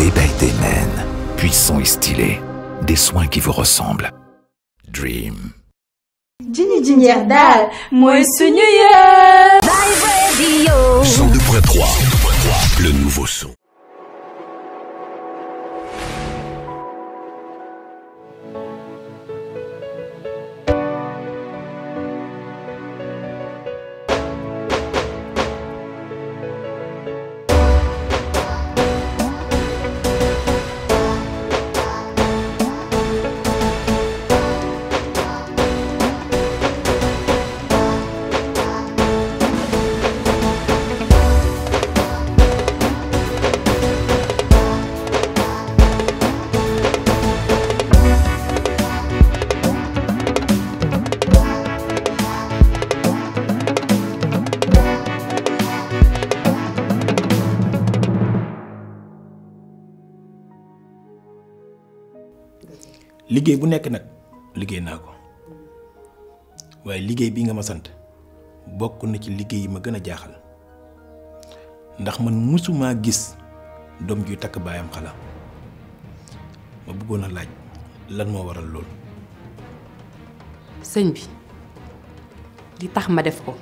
Des belles Day puissants et stylés, des soins qui vous ressemblent. Dream. Dini d'une Dal, moi c'est New Year! 102.3, le nouveau son. liggéey bu nekk nag liggéey naa ko waaye liggéey bii nga ma sant bokk na ci liggéey yi ma gën a jaaxal ndax man mësumaa gis doom juy takk baayam xala ma bëggoon laaj lan moo waral loolu. sëñ bi li tax ma def ko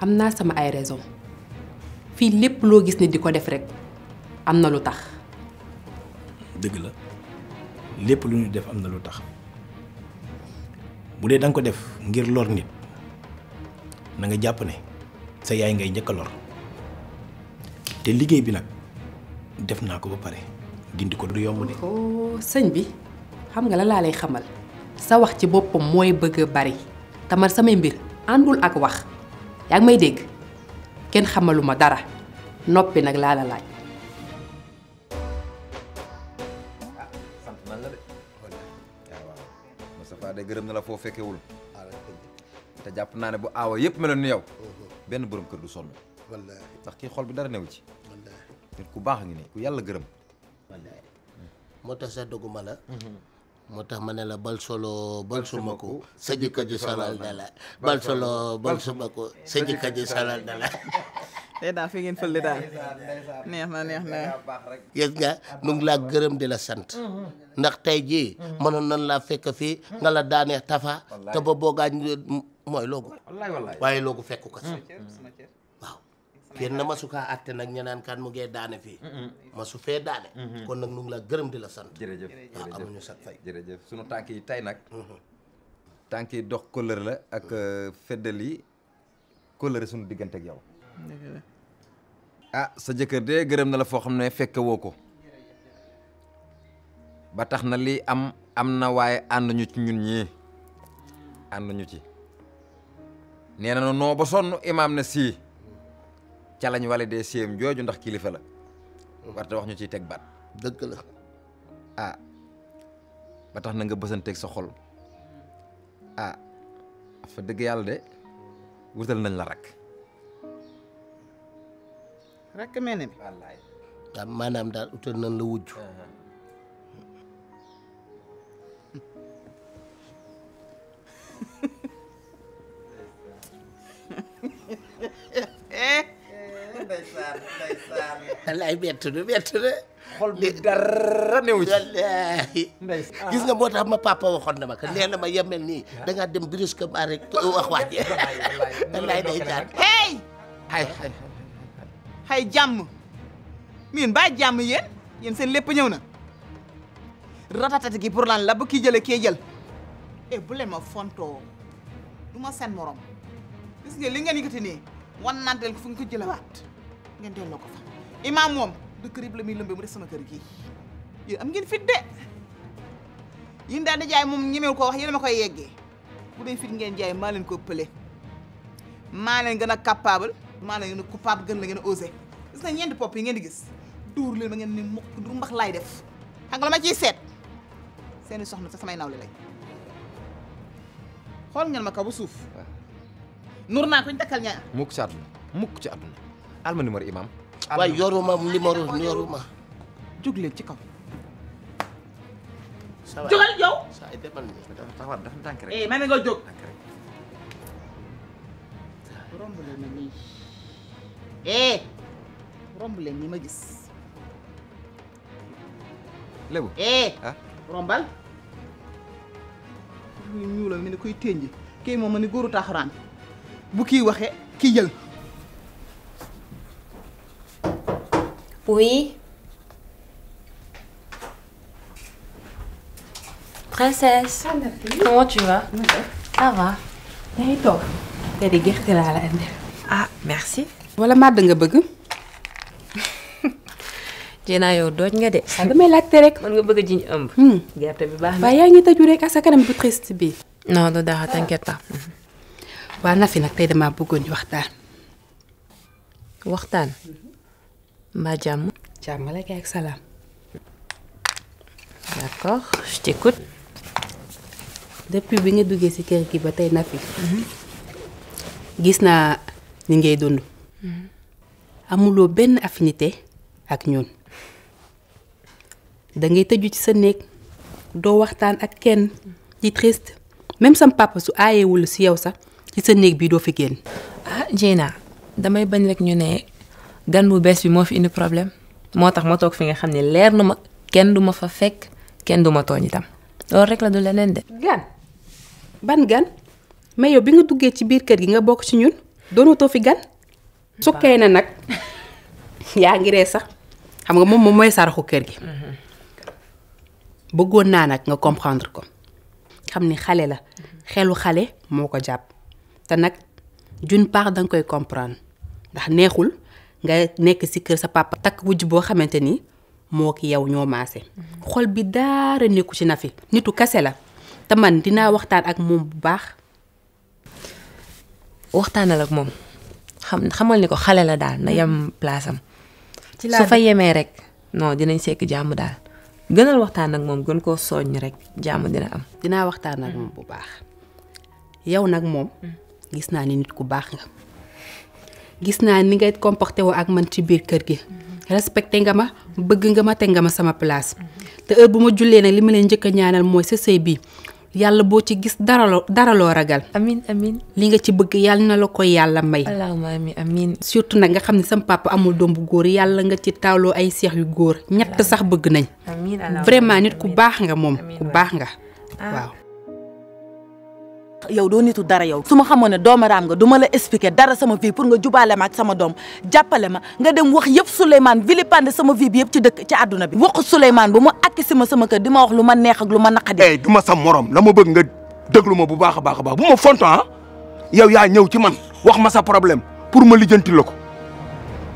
am naa sama ay raison fii lépp loo gis ne di ko def rekk am na lu tax. dëgg la. lépp lu ñu def am na lu tax bu dee ko def ngir lor nit na nga jàpp ne sa yaay ngay njëkk lor te liggéey bi nag def naa ko ba pare dindi ko du yomb de. Oh, sëñ bi xam nga la laa lay xamal sa wax ci boppam mooy bëgg bari tamar samay mbir àndul ak wax yaa ngi may dégg kenn xamaluma dara noppi nag laa la laaj. de gërëm na la foo fekkewul te jàpp naa ne bu aawa yëpp meloon ni yow benn borom kër du sonn ndax kii xol bi dara new ci nit ku baax ngi nii ku yàlla gërëm moo tax sax doguma la moo tax ma ne la bal solo bal suma ko sa jikko ji solal dala bal solo bal ko sa jikko ji solal dala te ya, daa fi ngeen fële daal neex na neex na yëg nga nu ngi gërëm di la sant ndax nan fekk nga la tafa te ba boogaañ mooy loogu waaye logo fekku ko si waaw kenn na masu kaa àtte nag kan mu ngee daane fii masu fee daane kon nag nu ngi gërëm di la sant jërëjëf amuñu fay jërëjëf sunu tànk yi mm-hmm. dox couleur la ak feddal couleur suñu ak yow a ah, sa jëkkër de gërëm na la foo xam ne fekkewoo ko ba tax na lii am am na waaye ànd ñu ci ñun ñii ànd ñu ci nee na noo ba sonn imaam na sii ca lañ wale dee séem jooju ndax kilifa la warte wax ñu ciy teg baat dëgg la ah ba tax na nga bësanteeg sa xol a ah. fa dëgg yàlla de wutal nañ la rek rek mel ni. daal maanaam daal utal nañ la wujj. ndeysaan ndeysaan. wallaay bett du bett de. xol bi dara gis nga moo tax ma papa waxoon na ma que nee ma yemel nii ah. da dem brusquement rek wax waa ji. wallaay wallaay wallaay day daan hey. ay ay. xay jàmm miin ba jàmm yéen yéen seen lépp ñëw na ratatati gi pour lan la bu kii jël e bu leen ma fontoo du ma seen moroom gis nga li ngeen yëkkati nii wan nanteel ko fu nga ko jëlawaat ngeen delloo ko fa imaam moom du kër la muy lëmbe mu def sama kër gii yéen am ngeen fit de yéen daal di jaay moom ñemewul ko wax yéen ma koy yeggee bu dee fit ngeen jaay maa leen ko pële maa gën a capable maa ngeen coupable gën la ngeen osé gis na ñeenti pop yi ngeen di gis dur leen ma ngeen ni mukk du mbax lay def xang la ma ci set seen soxna sa samay nawle lay xol ngeen ma ka bu suuf ah. nur na ko ñu ñaa mukk ci aduna mukk ci aduna alma numéro imam waaye yoruma numéro yoruma jóg leen ci kaw jogal yow sa ay ni dafa tank rek eh ma nga jog romb leen ma eh romb leen ñi ma gis. lébu eh ah. rombal. lu ñuul mi ne koy tënji kii moom ma ni góoru taaxuraan bu kii waxee kii jël. oui. princesse. comment tu vas. toog. tey de gerte laa la indi. ah merci. wala màdd nga bëgg Jena yow doj nga de. sa damay laajte rek. Man nga bëgg jiñ ëmb. Hmm. Gerte bi baax ba Waaye yaa ngi tëju rek sa kanam bu triste bi. Non du dara t'inquiète pas. Ah. Waa fi nag tey dama bëggoon ñu waxtaan. Waxtaan? Mhm. Mbaa jàmm? Jàmm la ak salaam. D'accord, je t'écoute. Depuis bi nga duggee si kër gi ba tey fi mhm. Gis naa ni ngay dund. Mm-hmm. amuloo benn affinité ak ñun da ngay tëju ci sa néeg doo waxtaan ak kenn di triste même sam papa su aayewul si yow sax ci sa néeg bi doo fi génn ah Jena damay bañ rek ñu ne gan bu bees bi moo fi indi problème moo tax ma toog fi nga xam ne leer na ma kenn du ma fa fekk kenn du ma tooñ itam rek la du leneen de gan ban gan mais yow bi nga duggee ci biir kër gi nga bokk ci ñun fi gan sukkee na nag yaa ngi ree sax xam nga moom moom mooy saraxu kër gi bëggoon naa nag nga comprendre ko xam ni xale la xelu xale moo ko jàpp te nag d'une part danga koy comprendre ndax neexul nga nekk ci kër sa papa takk wujj boo xamante ni moo ki yow ñoo maase xol bi daara nekku ci Nafi nitu kase la te man dinaa waxtaan ak moom bu baax waxtaanal ak moom xam xamal ni ko xale la daal na hmm. yem place am. ci su fa yemee rek non dinañ sekk jàmm daal gënal waxtaan ak moom gën koo soññ rek jàmm dina am. dinaa waxtaan ak moom bu baax yow nag moom hmm. gis naa ni nit ku baax nga gis naa ni ngay comporté woo ak man ci biir kër gi. Hmm. respecté nga ma bëgg nga ma teg nga ma sama place te heure bu ma jullee nag li ma leen njëkk ñaanal mooy sa sëy bii. yàlla boo ci gis dara loo dara loo ragal. amin amin li nga ci bëgg yàlla na la ko yàlla may. allahumma amin amin surtout nag nga xam ne sam papa amul doom bu góor yàlla nga ci taaloo ay seex yu góor ñett sax bëgg nañ. vraiment nit ku baax nga moom ku baax nga ah. waaw. yow do nitu dara yow suma xamone doom ram nga duma la expliquer dara sama vie pour nga jubaale ma ak sama dom jàppale ma nga dem wax yef souleyman vilipande sama vie bi yëpp ci deuk ci aduna bi wax souleyman bu mu àkki sama keur di wax luma neex ak luma nakadi naqadi eh du sa morom lama beug nga déglu bu baakha baakha baax bu mu fonto han ah, yow ya ñew ci man wax ma sa problème pour ma lijjanti la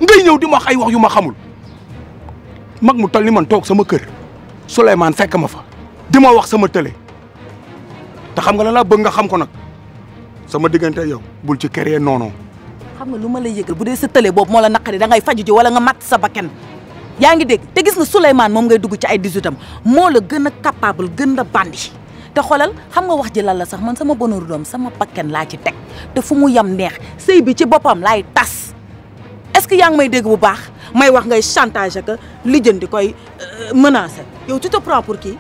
ngay ñew dima ma wax ay wax xamul mag mu tolli man tok sama keur souleyman fekk ma fa di wax sama tele ta xam nga la laa bëgg nga xam ko nak sama digënté yow bul ci créé nono xam nga luma lay yëgël bu dee sa télé bop mo la nakari da ngay faju ci wala nga mat sa bakken yaa ngi dégg té gis nga Souleymane mom ngay dugg ci ay 18 am mo la gëna capable gënda bandi té xolal xam nga wax ji lan la sax man sama bonheur doom sama bakken la ci teg té fu mu yam neex sey bi ci bopam lay tass est-ce que yaa ngi may dégg bu baax may wax ngay chantage ak lijjanti koy euh, menacer yow tu te prends pour qui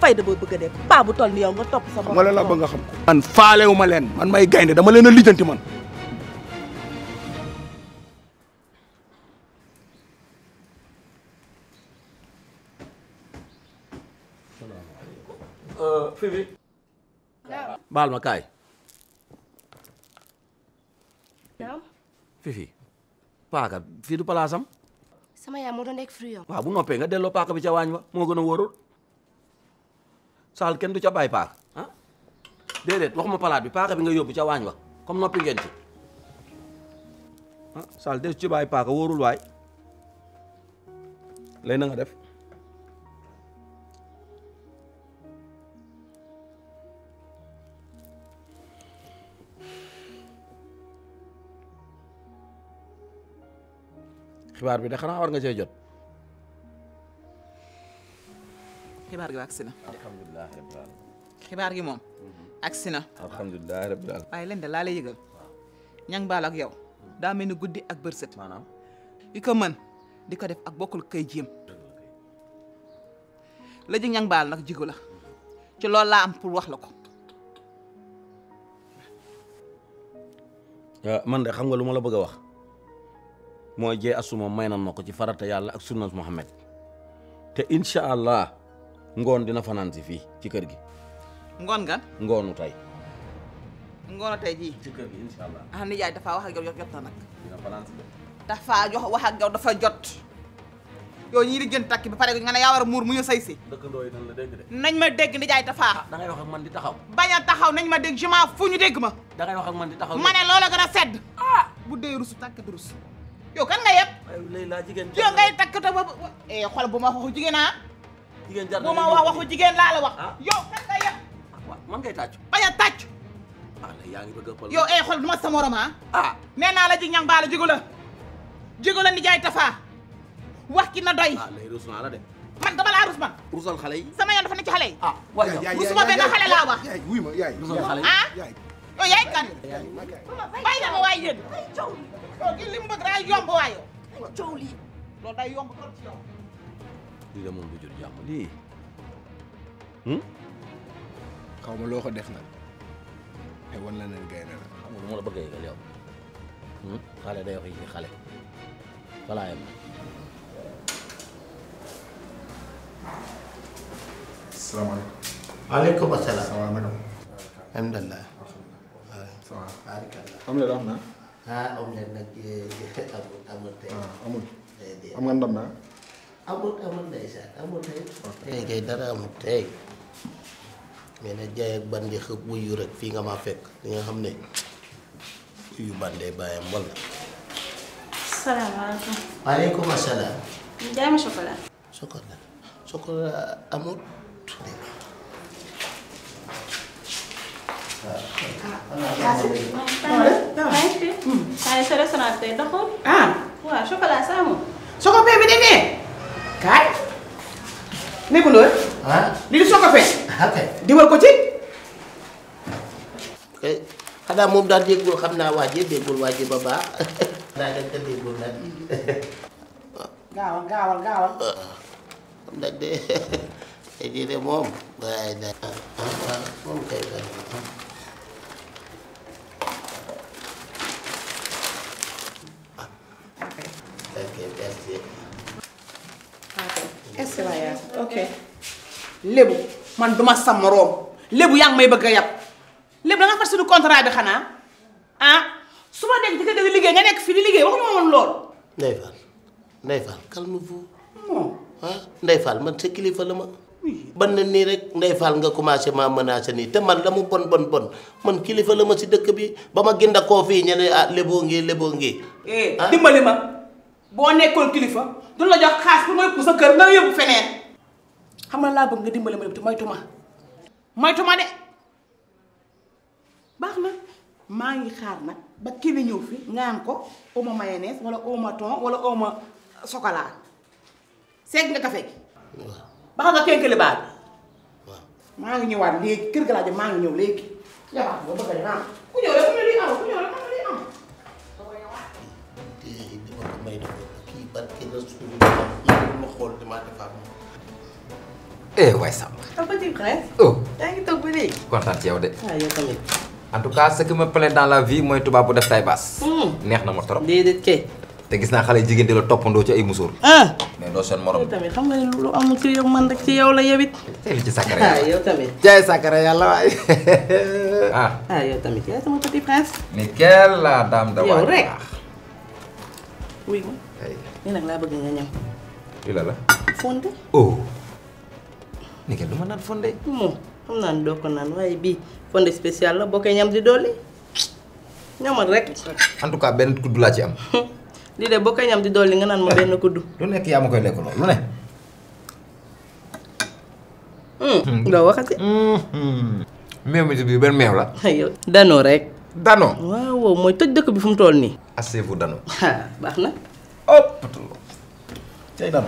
fay da boo bëgg dé pa bu toll ni yow nga top sa bopp. wala la ba nga xam ko. man wu ma leen man may gaynde dama leen lijeenti man. fi bi. ma fifi paaka fii du palaasam. sama yaay moo doon nekk fruit yow. waaw bu noppee nga delloo paaka bi ca ba saal kenn du ca baay paaka ah déedéet waxuma palaat bi paaka bi nga yóbbu ca waañ wa comme noppi ngeen ci ah saal des ci bàyyi paaka wóorul waay lay na nga def xibaar bi de xanaa war nga see jot xibaar gi waa agsi na. alhamdulilah rabbil alamin. xibaar gi moom. agsi na. alhamdulilah rabbil alamin. waaye leen de laa lay yëgal. ñang baal ak yow. daa mel ni guddi ak bërsët. maanaam. yi ko mën def ak kay la ñang ci am pour wax ah, man de xam nga lu la bëgg wax asuma mainan nan ma ko ci farata ak Muhammad te incha allah ngon dina fanan ci fi ci kër gi ngon gan ngonu tay ngonu tay ji ci kër gi inshallah ah ni jaay dafa wax ak yow yott yott nak dina fanaan si dafa jox wax ak yow dafa jot yo ñi di gën takki ba paré nga na yaa war a mu ñu say si dëkkandoo yi nan la dégg de nañ ma dégg jaay dafa ah, da ngay wax ak man di taxaw baña taxaw nañ ma dégg jument fu ñu dégg ma da ngay wax ak man di taxaw mané loolu gëna sedd ah bu dee rusu takki rus yo kan nga jigen yo ngay takk te ba xol bu ma waxu eh, jigen naa jigéen jar bu ma wax waxu jigéen laa la wax. Ah. yow kan nga yab. waaw man ngay tàcc. bañ a tàcc. Ah, yaa ngi bëgg yow eh xool du ma sa ah. nee naa la ji ñang baala jigu la. jigu la nijaay Tafa. wax ki na doy. ah léegi rus naa la de. man dama laa rus man. rusal xale sama yoon dafa nekk ci xale yi. ah waaye yow rusuma benn xale laa wax. yaay wuy ma yaay. rusal xale yi ah. yow kan. bàyyi la ma waay yéen. lii de moom du jur jàmm lii. Hmm? xaw ma loo ko def nag te wan la leen gaynde la. xam nga lu ma la bëgg a yëgal yow hmm? xale day wax yi xale balaa yem. salaamaaleykum. waaleykum salaam. ça va madame. alhamdulilah. alhamdulilah. am na am na. ah am na nag eh, amul amul tey. Ah, amul am nga ndam naa. amul amul ndeysaan amul tey tey kay dara amul tey mais jaay ak bandi xëpp wuyu rek fii nga ma fekk li nga xam ne wuyu bandee bàyyam walla salaamaaleykum waaleykum asalaam jaay soo ko bee bi demee kaare ni ko noon liɗi soka fee diwal ko ci xanaa moom daal déggul xam naa waa ji déggul waa ji ba baax xanaa dañ ko déggul nag gaawal gaawal gaawal xam nag de tey jii de moom waaye da moom kay ok merci est-ce ok lebu man duma sam rom yang yang may bëgg yapp lebu da nga fassu contrat bi xana ah suma ma diga di ko nga nek fi di liggéey mo won lool. Ndeye Fall Ndeye calmez-vous. non ah Ndeye man sa kilifa la ma. ban na ni rek Ndeye nga commencé ma menacer ni te man lamu bon bon bon man kilifa la ma si dëkk bi bama ma ginda koo fii ah lebu ngi lebu ngi. eh ah? dimbali ma. boo nekkoon kilifa duñ la jox xaalis pour nga yóbbu sa kër nga yóbbu feneen xam nga laa bëgg nga dimbale ma lépp te moytuma moytuma de baax na maa ngi xaar nag ba kili ñëw fi nga am ko oma mayonnaise wala oma thon wala oma chocolat seeg nga kafe gi baax nga kénkili baa bi maa ngi ñëwaat léegi kër ga maa ngi ñëw léegi yabaat boo bëgg naa ku ñëw rek ku ñëw rek am ku ñëw rek am Eh, na suñu ma ma oh yow de. yow tamit. en tout cas ce que me plaît dans la vie mooy tubaab bu def tay baas. neex na ma te gis di la ci ay mais morom. tamit xam nga ne loolu ci yow man rek ci yow la yow it. ci sàkkara ah yow tamit. jaay sàkkara yàlla waay. ah ah yow ya, ya, tamit ini nag laa bëgg nga Ila la fonde. oh. Ini kenn du fonde. moom xam naa bi, doo ko naan waaye fonde spécial la nyam koy di doli, ñamal rek. en tout kudu benn kuddu laa ci de di doli nga nan ma kudu, kuddu. lu nekk yaa ma koy lo loolu Hmm. ne. nga Hmm. Mew mi bi benn meew la. yow dano, rek. Dano. wow. Mau itu dek bi fu ni. toll nii. dano. Ha, bahna. Betul. Cairan.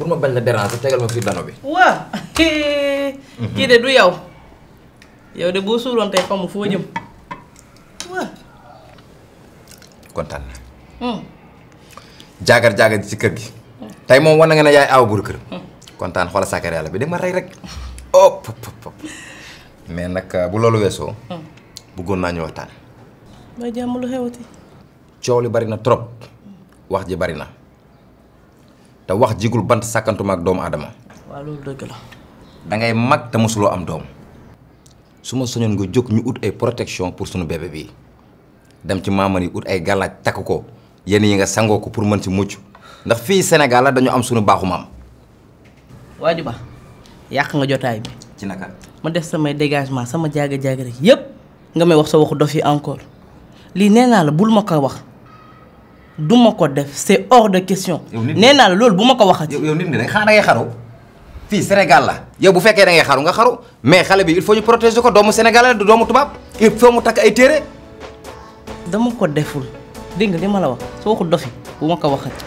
Kurma balla dera ta tegal ma fi dano bi. Wa. Ki de du yow. Yow de bo suuron tay famu fo Kontan. Hmm. Jagar jagar di kër gi. Tay mom wana aw bur Kontan kalau sakit ya lebih de rek. Op op op. Menak bulu bu Hmm bëggoon naa ñu waxtaan. ma jàmm lu xewati. coow li bari na trop wax ji bari na te wax jigul bant sàkkantuma ak doomu aadama. waaw loolu dëgg la. da ngay mag te mosuloo am doom su ma soñoon nga jóg ñu ut ay protection pour sunu bébé bi dem ci maamani ut ay gàllaaj takk ko yenn yi nga sangoo ko pour mën ci mucc ndax fii Sénégal la dañu am sunu baaxu maam. waaju ba yàq nga jotaay bi. ci naka. ma def samay dégagement sama jaaga jaaga rek yépp nga may wax sa waxu dofi encore li nee la bul ma ko wax du ma ko def c'est hors de question. nee la lol bu ma ko waxati. yow nit ni dañ xaar da ngay xaru fi senegal la. yow bu fekke da ngay xaru nga xaru mais xale bi il faut ñu protéger ko doomu senegal du doomu tubab il faut mu takk ay téré dama ko deful dégg nga li ma la wax sa waxu dofi yi bu ma ko waxati.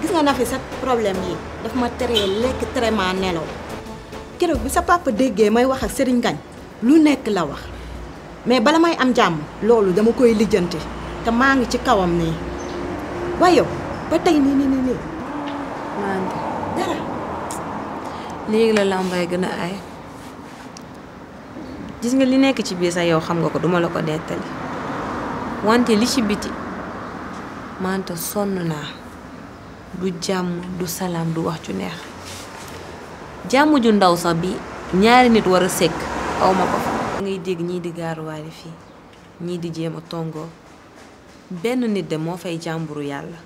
gis nga na fi sa problème yi daf ma teree lekk traitement nelaw keroog bu sa papa déggé may wax ak Serigne gagne lu nekk la wax. mais bala may am jàmm loolu dama koy lijjanti te maa ngi ci kawam nii waaye ba tey nii nii nii maan dara léegi la làmbaay gën a ay gis nga li nekk ci biir sax yow xam nga ko duma la ko nettali wante li ci biti manta sonn naa du jàmm du salaam du wax ju neex jàmm ju ndaw sax bi ñaari nit war a sekk awma ma ko ngay dégg ñii di gaaruwaale fii ñii di jéem a tongoo benn nit de moo fay jàmburu yàlla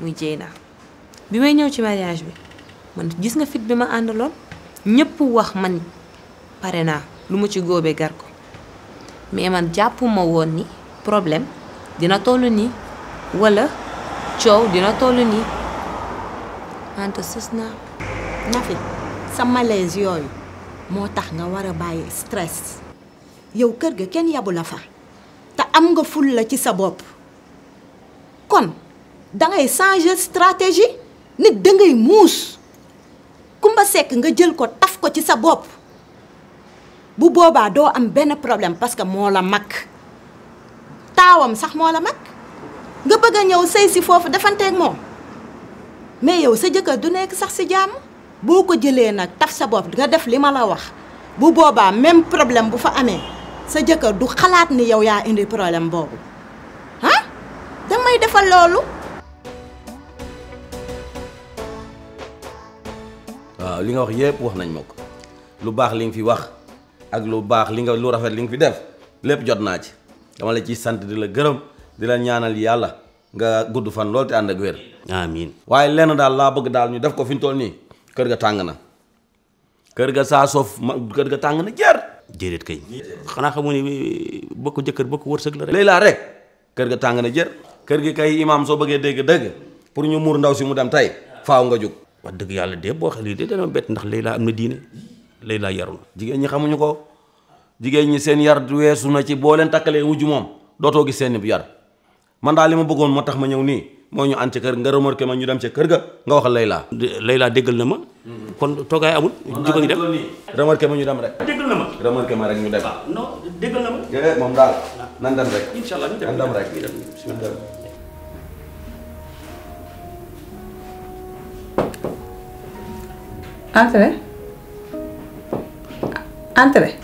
muy jeyna bi may ñëw ci mariage bi man gis nga fit bi ma àndaloon ñëpp wax man pare naa lu ma ci góobee gar ko mais man jàppuma woon ni problème dina toll nii wala coow dina toll nii ante sës naa nafi sa malaise yooyu moo nga war a stress yow kër ga kenn yabu la fa ta am nga ful la ci sa bop kon da ngay changer stratégie nit da ngay muus kumba sek nga jël ko taf ko ci sa bop bu boba do am bena problème parce que mo la mak tawam sax mo la mak nga bëgg ñew sey ci si defante ak mom mais yow sa jëkkër du nekk sax ci jamm boko jëlé nak taf sa bop nga def lima la wax bu boba, même problème bu fa amé sa jëkkër du xalaat ni yow yaa indi problème boobu ah damay defal loolu. waaw li nga wax yépp wax nañ ma ko lu baax li nga fi wax ak lu baax li nga lu rafet li nga fi def lépp jot naa ci dama la ciy sant di la gërëm di la ñaanal yàlla nga gudd fan loolu te ànd ak wér. amiin waaye lenn daal laa bëgg daal ñu def ko fi ñu nii kër ga tàng na kër ga saa soof kër ga tàng na jër. déedéet kay. xanaa xamu ni euh, bokk jëkkër bokk wërsëg la rek. léegi laa rek kër ga tàng na jër. kër gi kay imaam soo bëggee dégg dëgg pour ñu muur ndaw si mu dem tey faaw nga jóg. wax dëgg yàlla de boo xel yi de dana bett ndax Layla am na diine Layla yaru na. jigéen ñi xamuñu ko jigéen ñi seen yar weesu na ci boo leen takkalee wujju moom dootoo gis seen yar man daal li ma bëggoon moo tax ma ñëw nii moo ñu ànd kër nga remorqué ma ñu dem ci kër ga nga wax Layla. Layla déggal na ma. kon togay amul. jikko ngi dem remorqué ma ñu dem rek. déggal na ma remorqué ma rek ñu dem. no déggal na ma. déedéet mom dal nan dem rek. inshallah ñu dem nan dem rek ñu dem. entrez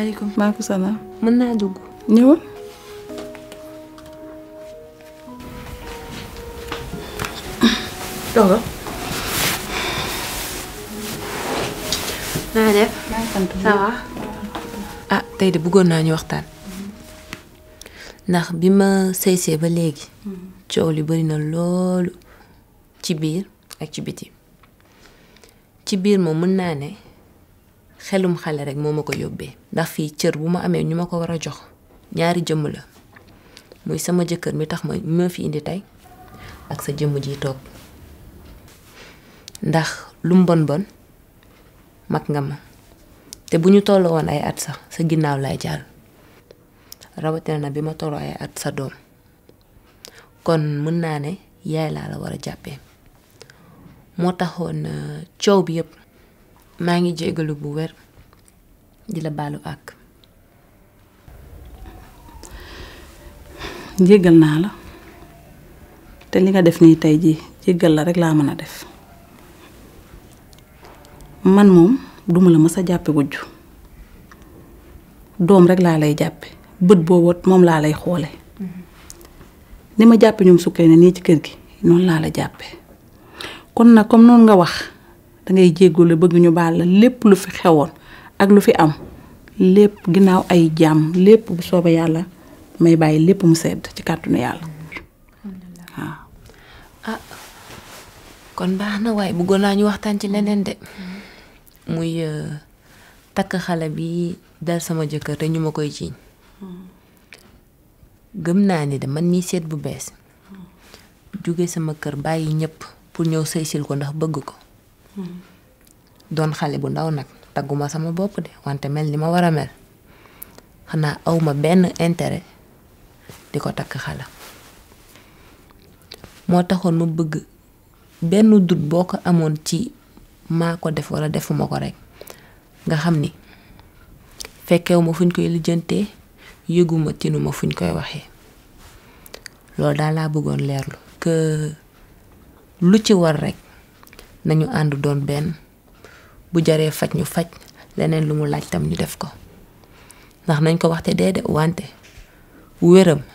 alaykum ma ko sana mën na dugg. ñëwal. Donga. naa er- ah tey de bëggoon naa ñu waxtaan. ndax bi ma seysee ba léegi. coow li bari na loolu ci biir ak ci biti. ci biir moom mën naa ne xelum xale rek moo ma ko yóbbee. ndax fii cër bu ma amee ñu ma ko war a jox ñaari jëmm la muy sama jëkkër mi tax ma ma fi indi tey ak sa jëmm ji toog. ndax lum bon bon mag nga ma te bu ñu toll ay at sax sa ginnaaw lay jàll rawatina na bi ma ay at sa doom kon mën naa ne yaay laa la war a jàppee moo taxoon euh, coow bi yëpp maa ngi jégalu bu wer di la ak jégal naa la te li nga def nii tey ji jégal la rek laa mën def man moom duma la mës a jàppe wujju doom rek laa lay jàppe bët booboo moom laa lay xoole ni ma jàppe ñoom sukkee ne nii ci kër gi noonu laa la jàppe kon nag comme noon nga wax dangay jéggule bëgg ñu baal la lépp lu fi xewoon ak lu fi am lépp ginnaaw ay jàmm lépp bu yàlla may bàyyi lépp mu sedd ci kàttanu yàlla waaw. Ah. Ah. kon baax na waaye bëggoon naa ñu waxtaan ci leneen de. muy eh, takk xale bi dal sama jëkkër te ñu ma koy ciñ gëm naa ni de man mii seet bu bees jóge sama kër bàyyi ñëpp pour ñëw sëysil ko ndax bëgg ko doon xale bu ndaw nag tagguma sama bopp de wante mel ni ma war a mel xanaa awma benn intérêt di ko takk xala moo taxoon ma bëgg benn dut boo ko ci maa ko def wala defuma ko rek nga xam ni fekkewu ma fuñ koy lijjantee yëguma tinuma fuñ koy waxee loolu daal laa bëggoon leerlu que lu ci war rek nañu ànd doon benn bu jaree faj ñu faj leneen lu mu laaj tam ñu def ko ndax nañ ko waxte dee de wante wéram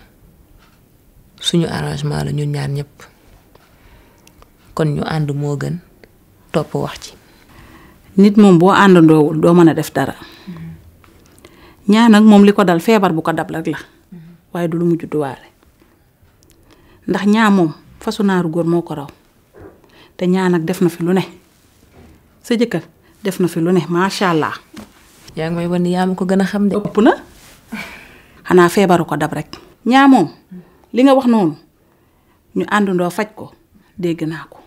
suñu arrangement la ñun ñaar ñëpp kon ñu ànd moo gën topp wax ci nit moom boo àndandoowul doo mën a def dara ñaa moom li ko dal feebar bu ko dab rek la waaye du lu mujj duwaale ndax ñaa moom fasu naaru góor moo ko raw te ñaa def na fi lu ne sa jëkkër def na fi lu ne macha allah. yaa ngi may ni yaa ko gën a xam de. ëpp na xanaa feebaru ko dab rek. ñaa li nga wax noonu ñu àndandoo faj ko dégg naa ko.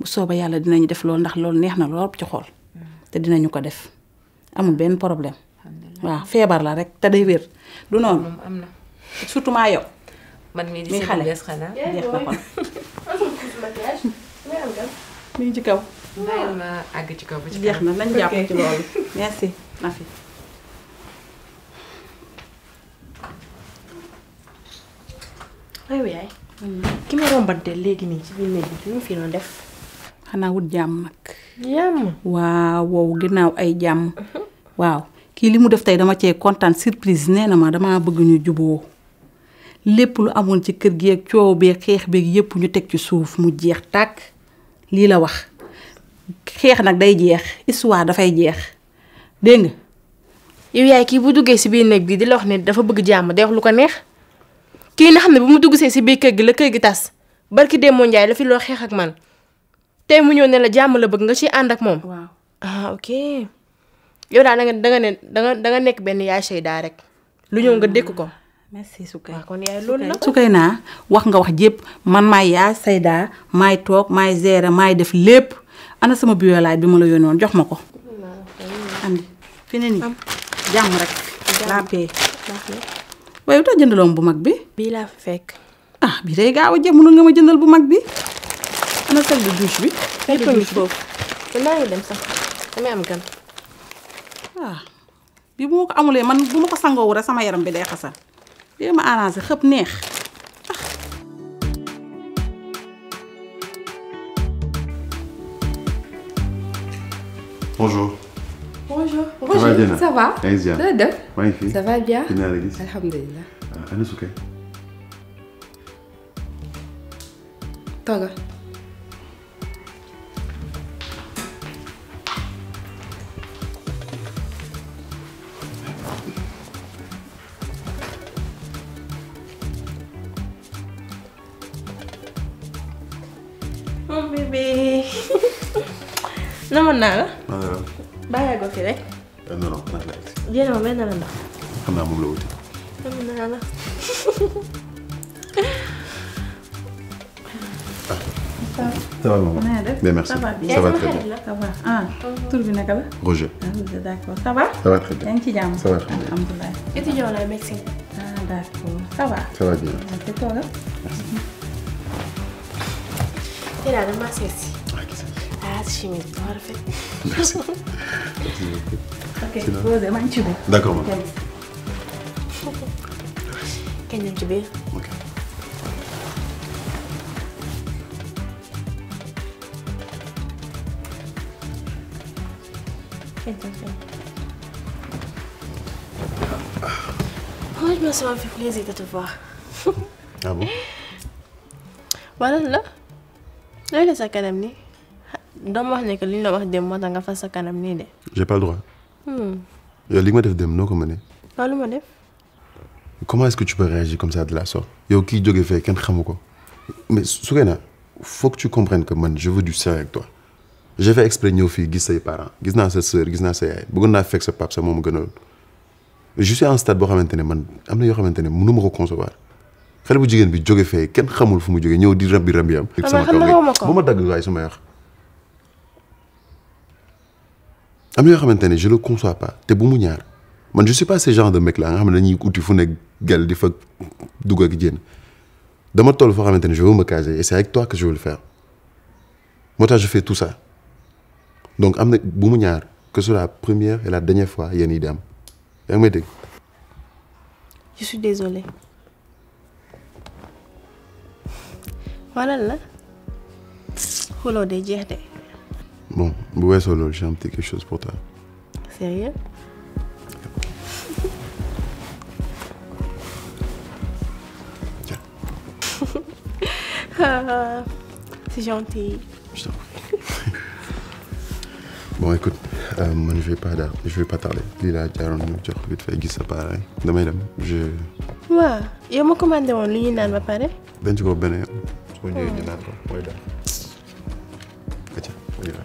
bu sooba yàlla dinañu def loolu ndax loolu neex na lool ci xool te dinañu ko def amul benn problème waaw feebar la rek te day wér du noonu surtout maa yow man mii di xale jeex na mi ngi ci kaw ma àgg ci kaw ba ci jeex na nañ jàpp ci loolu merci ma Nafi aywa yaay ki ma rombante léegi nii ci biir néeg bi fi mu fi noonu def xanaa wut jàmm nag. jàmm waaw wow ginnaaw ay jàmm. waaw kii li mu def tey dama cee kontaan surprise nee na ma dama bëgg ñu juboo lépp lu amoon ci kër gi ak coow beeg xeex beeg yépp ñu teg ci suuf mu jeex tàkk lii la wax xeex nag day jeex histoire dafay jeex dégg nga. yow yaay kii bu duggee si biir néeg bi di la wax ne dafa bëgg jàmm day wax lu ko neex kii na xam ne bu mu dugg see si biir kër gi la kër gi tas barki Demba Ndiaye la fi loo xeex ak man. tey mu ñëw ne la jàmm la bëgg nga ci ànd ak moom. Ah, ok. yow daal da ne da nekk benn yaay Seyda rek lu ñëw nga dékk ko. Mm. merci Soukay naa wax nga wax jépp man maay yaay Seyda maay toog maay gérer maay def lépp ana sama biolaay bi ma la yónnoon jox ma ko. andi fi ne nii jàmm rek. la paix. waaye lu jëndaloom bu mag bi. bii laa fekk. ah bi day gaaw a jeex mënul nga ma jëndal bu mag bi. انا سال بالدوش بي كيف نشوف والله ولا مسخن ما يمكن اه bi moo ko amulee man bu ma ko sangoo rek sama yaram bi day xasan dee ma arrangé xëpp neex bonjour bonjour bonjour ça va yaa ngi Ça va bien. Ça va bien. ça va bien dinaa la gis alhamdulilah ana sukay toogal bébé. Non, non. non euh, non ah, Bien Bien, ça va bien ça va très bien. ça va ah le monde est Roger. Ah, ça va. ça va très bien Ça va ça va la ah d'accord ça va. ça va bien. られませんし。Acho me torve. Ok, vou dar mais chuva. Dá como? Quer nem chuva? Ok. Então, Hoje meu só vai feliz lesita te ver. Tá bom? Bora lá. looy def sa kanam nii dama wax ne que li ñu la wax dem moo tax nga fas sa kanam nii de. j'ai pas le droit. Hmm. yow li ma def dem noo ko mënee. waaw def. comment est-ce que tu peux réagir comme ça de la sorte. yow kii jóge fee kenn xamu ko mais Soukeyna faut que tu comprennes que man je veux du sérieux avec toi. j'ai fait exprès ñëw fii gis say parents gis naa sa sœur gis naa sa yaay bëggoon naa fekk sa pap sa moom gënal je suis en stade boo xamante ne man am na yoo xamante ne mënu ma ko concevoir xale bu jigéen bi jóge fee kenn xamul fu mu jóge ñëw di rabbi rabbi am. Ah, sama kaw bu ma dagg waaye sama yàq. am yoo xamante ne je le conçois pas te bu mu ñaar man je suis pas ce genre de mec là nga xam ne dañuy uti fu nekk gal di fa dugg ak jéen dama toll foo xamante ne je veux me caser et c'est avec toi que je veux le faire moo tax je fais tout ça donc am na bu mu ñaar que ce soit la première et la dernière fois yéen yi di am yaa ngi may dégg. je suis désolée. Voilà, la xuloo de jeex de. bon bu weesoo loolu j'ai quelque chose pour toi. sérieux. Ah, c'est gentil. Je t'en prie. bon, écoute, euh, moi, je vais pas là, je vais pas tarder. Lila, Jaron, Jox, vite faire Guy, ça pareil. Demain, je. Ouais, il y a mon commandant, lui, il n'a pas Ben, tu vois, ben, У нее не надо. Ой, да. Хотя, уезжаем.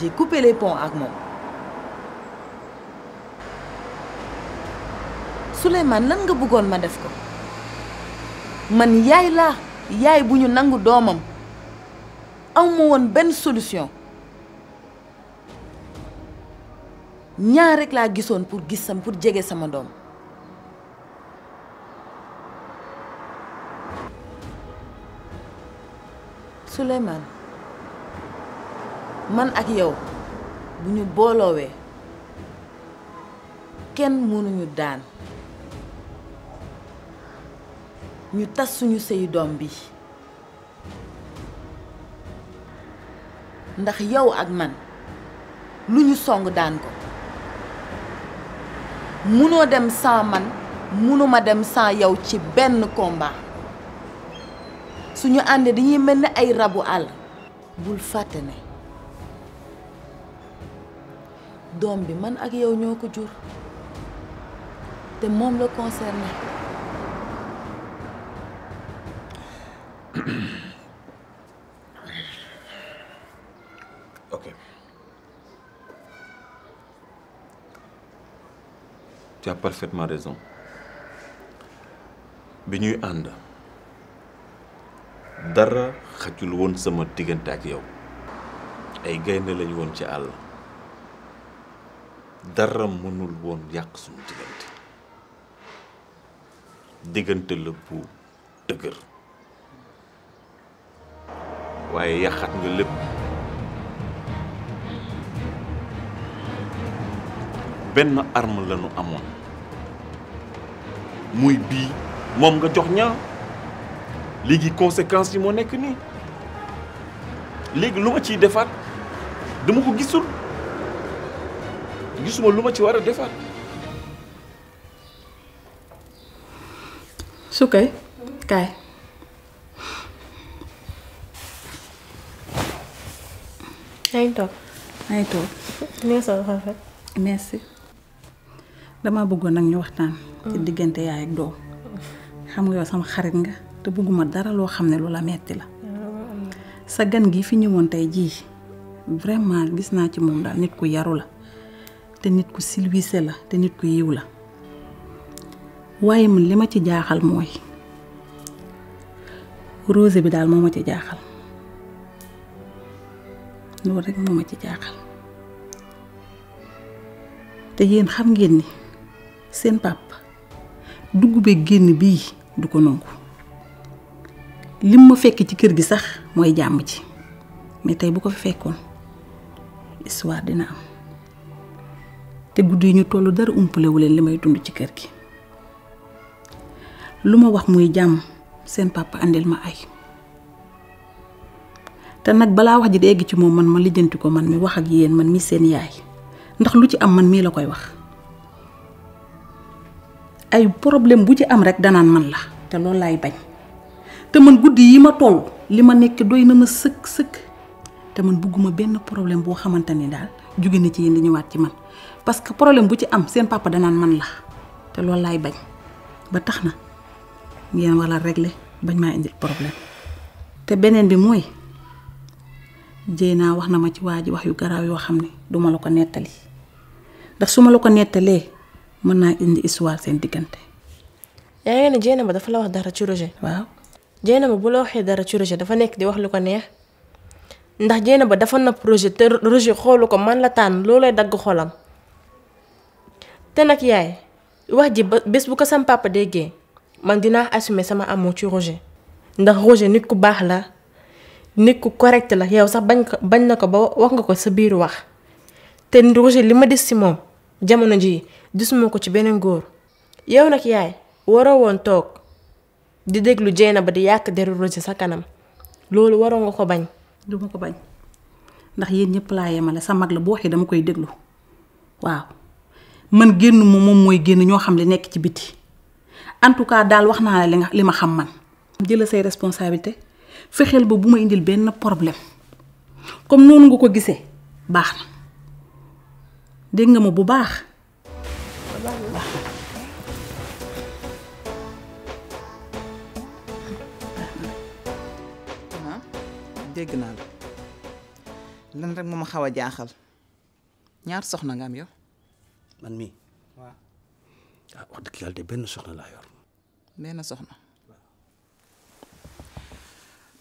J'ai coupé les ponts avec moom Souleymane nan nga bëggoon ma def ko man yaay laa yaay bu ñu nangu doomam aw ma woon solution ñaar rekk laa gisoon pour gis pour jege sama doom Souleymane man ak yow bu ñu booloowee kenn mënuñu daan ñu tas suñu sëy doom bi ndax yow ak man lu ñu song daan ko munoo dem sans man munuma dem sans yow ci benn komba suñu ànd dañuy mel ni ay rabu àll bul fàtte ne dom bi man ak yow ñoko jur té mom la concerné ok tu as parfaitement raison bi ñuy dara xatul won sama diggante ak yow ay gaynde lañ won ci Allah dara mënul woon yàq suñu diggante diggante la bu dëgër waaye yàqat nga lépp benn arme la ñu amoon muy bii moom nga jox ñaa léegi conséquences yi moo nekk nii léegi lu ma ciy defaat dama ko gisul gisuma luma ci wara Kai. defaat su kay kaay yaa ya? ngi nah nah toog yaa ni rafet merci dama bëggoon nag ñu waxtaan ci hmm. digënté yaay ak do xam nga yow sama xarit nga te bëgguma dara lo xam lu la metti hmm. la sa gan gi fi ñëwoon tay ji vraiment gis na ci mom dal nit ku yaru la te nit ku silwise la te nit ku yiw la waaye man li ma ci jaaxal mooy rose bi daal moo ma ci jaaxal loolu rek moo ma ci jaaxal te yéen xam ngeen ni seen pàpp dugg génn bii du ko nangu lim ma fekk ci kër gi sax mooy jàmm ci mais tey bu ko fekkoon histoire dina am te guddi yi ñu toll dara umpalewu leen li may dund ci kër gi lu ma wax muy jàmm seen papa andil ma ay te nag balaa wax ji di egg ci moom man ma lijjanti ko man mi wax ak yéen man mi seen yaay ndax lu ci am man mii la koy wax ay problème bu ci am rek danaan man la te loolu laay bañ te man guddi yi ma toll li ma nekk doy na ma sëkk sëkk te man bugguma benn problème boo xamante ni daal jóge na ci yéen di ñëwaat ci man parce que problème bu ci am seen papa danaan man la te loolu laay bañ ba tax na ngeen war a régler bañ maa indil problème te beneen bi mooy jéy naa wax na ma ci waa ji wax yu garaaw yoo xam ne duma la ko nettali ndax su ma la ko nettalee mën naa indi histoire seen diggante. yaa ngi ne ba dafa la wax dara ci Roger. waaw Dieynaba bu la waxee dara ci Roger dafa nekk di wax lu ko neex ndax Dieynaba dafa napp Roger te Roger xoolu ko man la tànn loolay dagg xolam. te nag yaay wax ji ba bés bu ko sam papa déggee man dinaa assume sama amour ci Roger ndax Roger nit ku baax la nit ku correct la yow sax bañ ko bañ na ko ba wax nga ko sa biir wax te Roger li ma des si moom jamono jii gisuma ko ci beneen góor yow nag yaay waroo woon toog di déglu jeena ba di yàq deru Roger sa kanam loolu waroo ko bañ. du ko bañ ndax yéen ñëpp laa yemale sa mag la boo waxee dama koy déglu waaw. man génn mu moom mooy génn ñoo xam li nekk ci biti en tout cas daal wax naa la li ma xam man. jëla say responsabilité fexeel ba bu ma indil benn problème comme noonu nga ko gisee baax na dégg nga ma bu baax. dégg naa la lan rek moo ma xaw a jaaxal ñaar soxna nga am yow. man mii. waaw ah wax dëgg yàlla de benn soxna laa yor. benn soxna.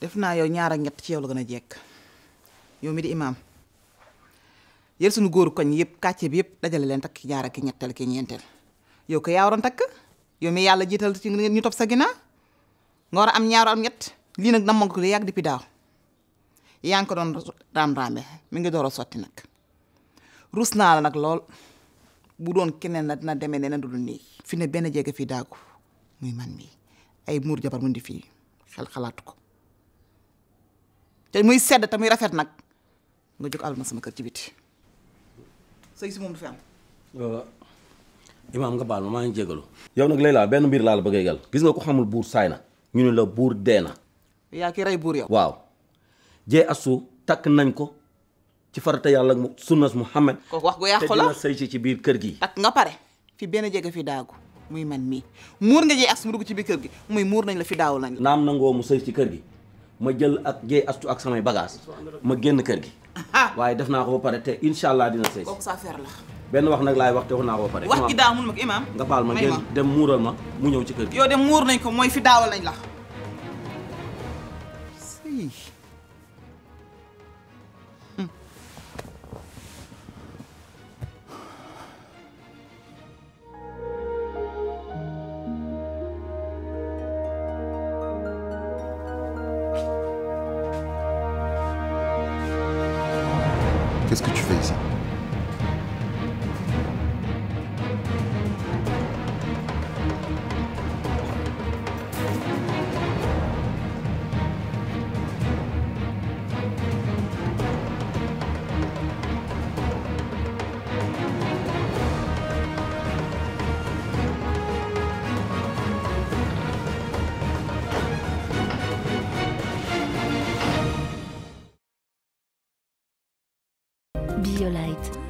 def naa yow ñaar ñett ci yow la jekk yow mi di imaam yël suñu góor koñ yëpp kàcce bi yëpp dajale leen takk ki ñaar ki ñetteel ki ñeenteel yow ko yaa waroon takk yow mi yàlla jiital ci ñu topp sa ginnaaw nga war am ñaar am ñett lii nag nam ma ko yàgg depuis daaw yaa ngi ko doon raam raame mi ngi door a sotti nag rus naa la nag lool. bu doon keneen la dina demee neneen du dul nii. fi ne benn jege fii daagu muy man mii ay muur jabar mu di fii xel xalaatu ko te muy sedd te muy rafet nag nga jóg abal ma sama kër ci biti sëy si moom du fi imaam nga baal ma maa ngi jégalu. yow nag Layla benn mbir laa la bëggee gal gis nga ko xamul buur saay na ñu ne la buur dee na. yaa ki rey buur yow. waaw jee asu takk nañ ko ci farata yàlla mu sunnas Muhammad kooku wax gu yàqu la te dina sëy ci ci biir kër gi. ak nga pare fii benn jege fi daagu muy man mii muur nga jëy as mu ci biir kër gi muy muur nañ la fi daaw lañ. naam nangoo mu sëy ci kër gi ma jël ak jëy astu ak samay bagage ma génn kër gi. waaye def naa ko pare te incha allah dina sëy. kooku sa affaire benn wax nag laay wax te wax naa ko ba pare. wax gi daaw mun ma ko nga baal ma dem muural ma mu ñëw ci kër gi. yow dem muur nañ ko mooy fi daawal nañ la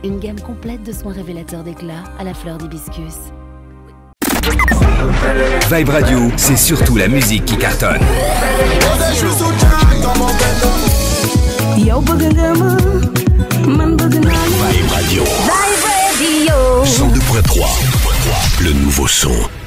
une gamme complète de soins révélateurs d'éclat à la fleur d'hibiscus. Vibe Radio, c'est surtout la musique qui cartonne. Radio. Vibe le nouveau son.